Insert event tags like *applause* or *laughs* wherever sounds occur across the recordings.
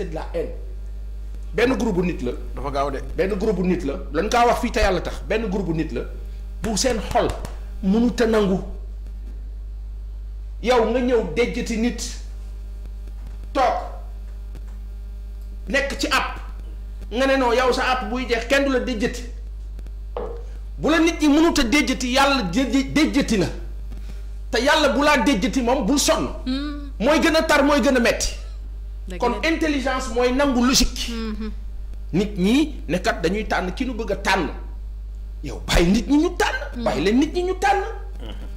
c'est de la haine benn groupe nit la. dafa gaaw de benn groupe nit la. lan kaa wax fii te yàlla tax benn groupe bu nit la bu seen xol mënut a nangu yow nga ñëw déjjati nit toog nekk ci app nga ne non yow sa app buy jeex kenn du la déjjati bu la nit ñi mënut a déjjati yàlla déjjati la te yàlla bu laa déjjati moom bul sonn. Hmm. mooy gën a tar mooy gën a metti kon intelligence mooy nangu logique. Mm-hmm. nit ñi ne dañuy tànn ki nu bëgg tànn yow bàyyi nit ñi ñu tànn. Mm-hmm. bàyyi leen nit ñi ñu tànn. Mm-hmm.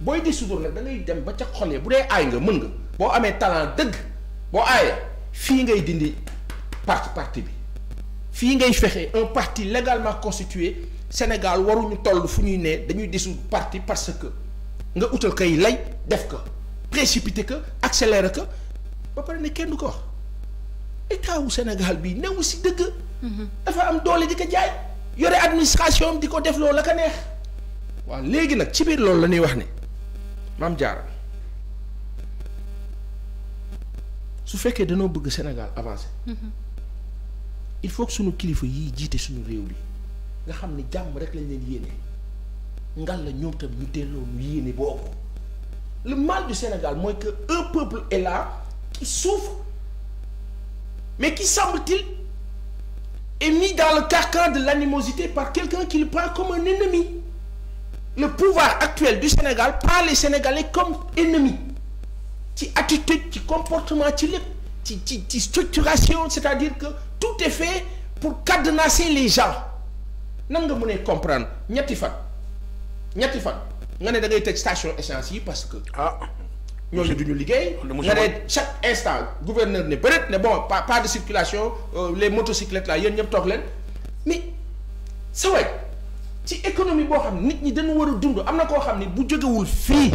booy di sudur nag da dem ba ca xol ya bu dee aay nga mën nga. boo amee talent dëgg boo aayee fii ngay dindi parti parti bi fii ngay fexe un parti légalement constitué Sénégal waruñu toll fu ñuy nee dañuy dissoudre parti parce que nga utal kay lay def ko précipité ko accéléré ko. ba pare ne kenn du ko wax état wu Sénégal bi newu si dëgg. dafa am doole di ko jaay. yore administration di ko def loolu la ko neex. waaw léegi nag ci biir loolu la ñuy wax ne maam Diarra su fekkee danoo bëgg Sénégal avancer. il faut que kilifa yi jiite suñu réew bi nga xam ne jàmm rek lañ leen yéene ngal la ñoom tam ñu delloo ñu yéene boobu le mal du Sénégal mooy que un peuple est qui souffre, mais qui, semble-t-il, est mis dans le carcan de l'animosité par quelqu'un qui le prend comme un ennemi. Le pouvoir actuel du Sénégal prend les Sénégalais comme ennemis. ci attitude, qui comportement, qui structuration, c'est-à-dire que tout est fait pour cadenasser les gens. nan nga mënee comprendre ñetti fat ñetti fat nga ne da ngay tëj station yi parce que ah ñooñu du ñu liggéey. nga ne chaque instant gouverneur ne peut-être ne bon pas pas de circulation euh, les motocyclettes là yéen ñëpp toog leen mais sa ci économie boo xam nit ñi dañu war a dund am na koo xam ni bu jógewul fii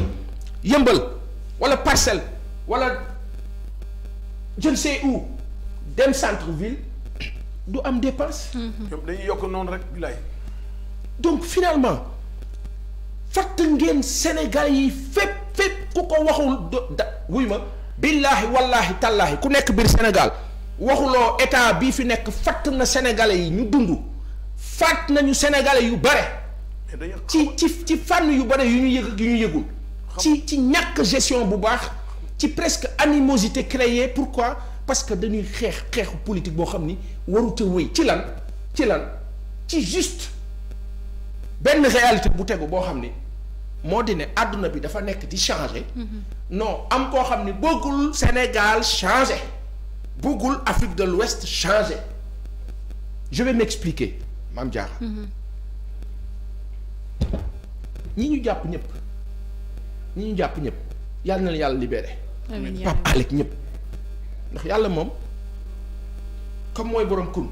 yëmbal wala parcelle wala je ne sais où dem centre ville du am dépense. ñoom mm-hmm. dañuy yokk noonu rek bilaay. donc finalement fàtte ngeen Sénégal yi fépp. ku ko waxul do da wuy ma billaahi wallaahi tallaahi ku nekk biir Sénégal waxuloo état bii fi nekk fàtt na sénégalais yi ñu dund fàtt nañu sénégalais yu bare ci ci ci fànn yu bare yu ñu yëg ak yu ñu yëgul ci ci ñàkk gestion bu baax ci presque animosité créée pourquoi parce que dañuy xeex xeexu politique boo xam ni warute wéy ci lan ci lan ci juste benn réalité bu tegu boo xam ni moo di ne àdduna bi dafa nekk di changer. Mhm. noo am koo xam ni bëggul Sénégal changer bëggul Afrique de l'Ouest changer je vais m'expliquer Mame Diarra. Mhm. ñi ñu jàpp ñépp ñi ñu jàpp ñëpp yàlla na la yàlla libéré. amiin Pape Alec ndax yàlla moom comme mooy borom kun.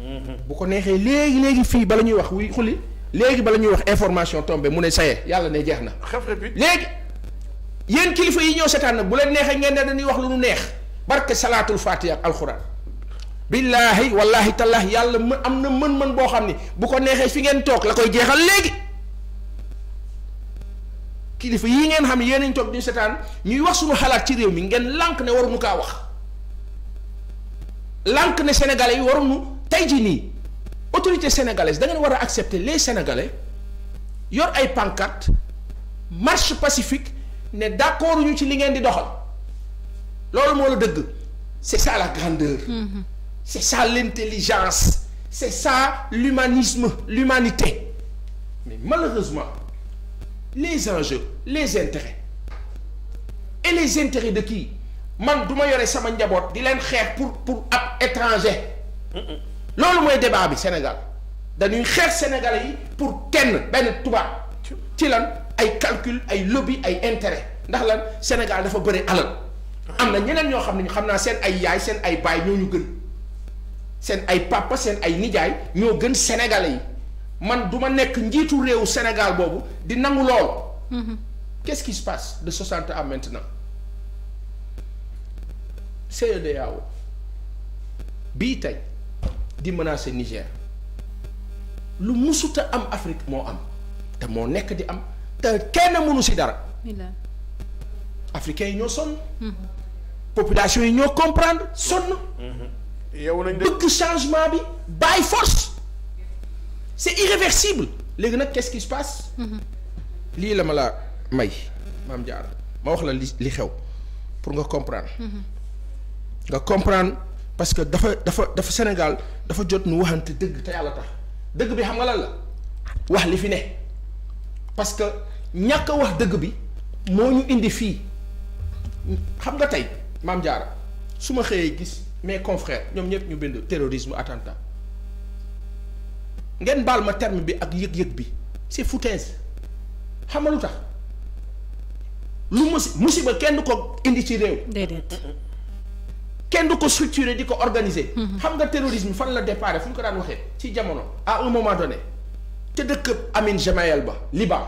Mhm. bu ko neexee léegi léegi fii bala ñuy wax wuy xuli. léegi bala ñuy wax information tombée mu ne saye yàlla ne jeex na. léegi yéen kilifa yi ñëw setaan nag bu leen neexee ngeen ne dañuy wax lu nu neex barke salaatul fatiha ak alxuraan. billaahi wallaahi tallaahi yàlla mën am na mën-mën boo xam ne bu ko neexee fi ngeen toog la koy jeexal léegi kilifa yi ngeen xam ne yéen a ngi toog duñu setaan ñuy wax suñu xalaat ci réew mi ngeen lànk ne waruñu kaa wax lànk ne sénégalais yi waruñu tey jii nii. autorité sénégalaise da war a accepter les sénégalais yor ay pancarte marche pacifique ne d'accord ñu ci li ngeen di doxal loolu moo la dëgg c'est ça la grandeur mmh. c'est ça l'intelligence c'est ça l'humanisme l'humanité mais malheureusement les enjeux les intérêts et les intérêts de qui man du ma yore sama njaboot di leen xeex pour pour ab étranger mmh. loolu mooy débat bi Sénégal dañuy xeet Sénégalais yi pour kenn benn tubaab ci lan ay calcul ay lobby ay intérêt ndax lan Sénégal dafa bëri alal am na ñeneen ñoo xam ne xam naa seen ay yaay seen ay baay ñoo ñu gën seen ay papa seen ay nijaay ñoo gën Sénégalais yi man du ma nekk njiitu réewu Sénégal boobu di nangu lool. Mm-hmm. qu'est-ce qui se passe de 60 à maintenant CEDEAO bii tey. di menacer Niger lu musuta am Afrique moo am te moo nekk di am te kenn mënu si dara. africains yi ñoo sonn. Mm-hmm. population yi ñoo comprendre sonn. Mm-hmm. yow nañ changement bi by force c'est irréversible. léegi nag quest qui se mm-hmm. lii la ma la may maam Diarra ma wax la li li xew pour nga comprendre. nga comprendre. parce que dafa dafa dafa Sénégal dafa jot nu waxante dëgg te yàlla tax dëgg bi xam nga lan la wax li fi ne parce que ñàkk wax dëgg bi moo ñu indi fii xam nga tey maam Diarra su ma xëyee gis mais confrères ñoom ñëpp ñu bind terrorisme attentat ngeen baal ma terme bi ak yëg-yëg bi c'est foutaise xam nga lu tax lu musi musiba kenn ko indi ci réew. déedéet. kenn du ko structuré di ko organiser. Mm-hmm. xam nga terrorisme fan la déparé fu ñu ko daan waxee ci jamono. à un moment donné te dëkk Amin Gemayel ba Liban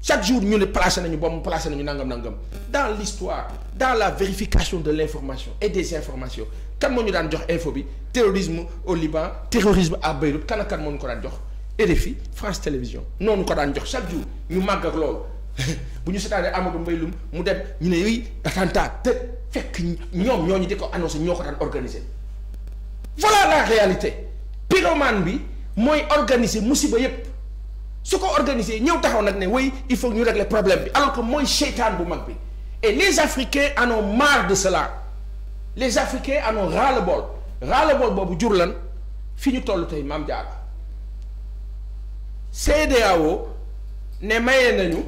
chaque jour ñu ne placé nañu bomb placé nañu nangam nangam dans l'histoire dans la vérification de l'information et des informations kan moo ñu daan jox info bi terrorisme au Liban terrorisme à Beyrouth kan ak kan moo ñu ko daan jox RFI France Télévisions noonu ko daan jox chaque jour ñu màgg ak loolu. *laughs* bu ñu seetaanee Amadou Mbaye Loum mu dem ñu ne yooyu attentat te fekk ñoom ñoo ñu ko annoncé ñoo ko daan organisé voilà la réalité pyromane bi mooy organiser musiba yépp su ko organiser ñëw taxaw nag ne oui il faut ñu régler problème bi alors que mooy seytaan bu mag bi et les Africains en ont marre de cela les Africains en ont ras-le-bol ras-le-bol boobu jur lan fi ñu toll tey maam Diarra CEDEAO ne maye nañu.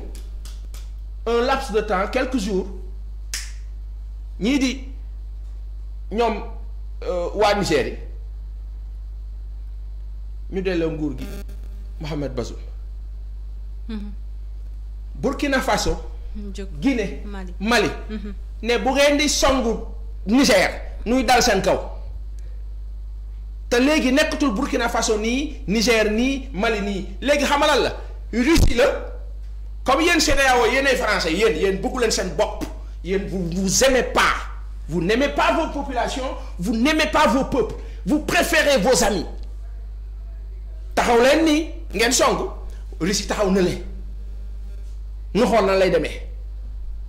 un laps de temps quelques jours ñii di ñoom euh, waa Niger yi ñu delloo nguur gi Mohamed Bazoum mm-hmm. Burkina Faso mm-hmm. Guinée Mali mm-hmm. ne bu ngeen di songu Niger nuy dal seen kaw te léegi nekkatul Burkina façon nii Niger nii Mali nii léegi xamalal la Russie la comme yéen CEDEAO yéenay français yéen yéen bëggu leen seen bopp yéen vous vous aimez pas vous n'aimez pas vos populations vous n'aimez pas vos peuples vous préférez vos amis taxaw leen nii ngeen song Russie taxaw na leen nu xool nan lay deme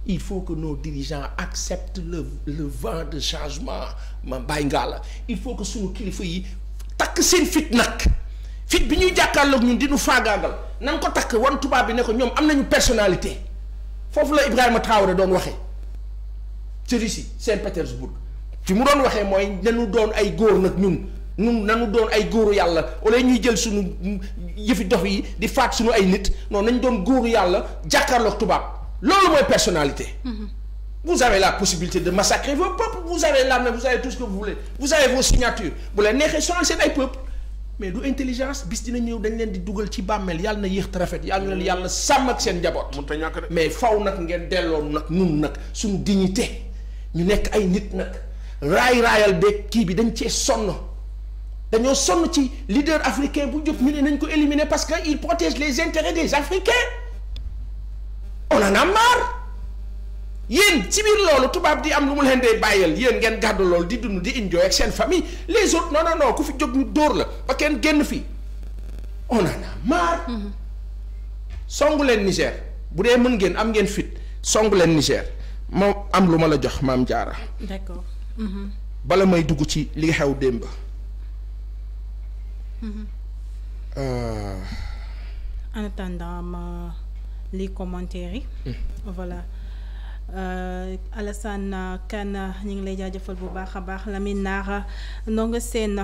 il faut que nos dirigeants acceptent le le vent de changement ma bàyyi ngaa la il faut que suñu kilifa yi takk seen fit nag. fit bi ñuy jàkkaarloog ñun di nu faagaagal nan ko takk wan tubaab bi ne ko ñoom am nañu personnalité foofu la Ibrahima Traoré doon waxee ci Russie Saint-Pétersbourg fi mu doon waxee mooy nanu doon ay góor nag ñun ñun nanu doon ay góor yàlla wala ñuy jël suñu yëfi dox yi di faat suñu ay nit noonu nañ doon góor yàlla jàkkaarloog tubaab loolu mooy personnalité. Mhm. vous avez la possibilité de massacrer vos peuples vous avez l'arme vous avez tout ce vous voulez vous avez mais du intelligence bis dina ñëw dañ leen di dugal ci bàmmeel yàlla na yéex te rafet yàlla na leen yàlla sàmm ak seen njaboot. mais faw nag ngeen delloo nag nun nag suñu dignité ñu nekk ay nit nag raay raayal beeg kii bi dañ cee sonn dañoo sonn ci leader africain bu jóg ñu ne nañ ko éliminer parce que il protège les intérêts des africains on en a marre. yéen ci biir loolu tubaab di am lu mu leen dee bàyyal yéen ngeen gàddu loolu di dund di enjoy ak seen famille les autres non non non ku fi jóg ñu dóor la ba kenn génn fii on en a marre. Mm-hmm. songu leen Niger bu dee mën ngeen am ngeen fit songu leen Niger moom am lu ma la jox maam jaara d'accord. Mm-hmm. bala may dugg ci li xew démb. Mm-hmm. Euh. en attendant ma li commentaire yi. Mm. voilà. Euh, Alassane Kane ñu ngi lay jaajëfal bu baax a baax Lamine Nara ndongo seen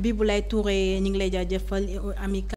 Biboulaye Touré ñu ngi lay jaajëfal ami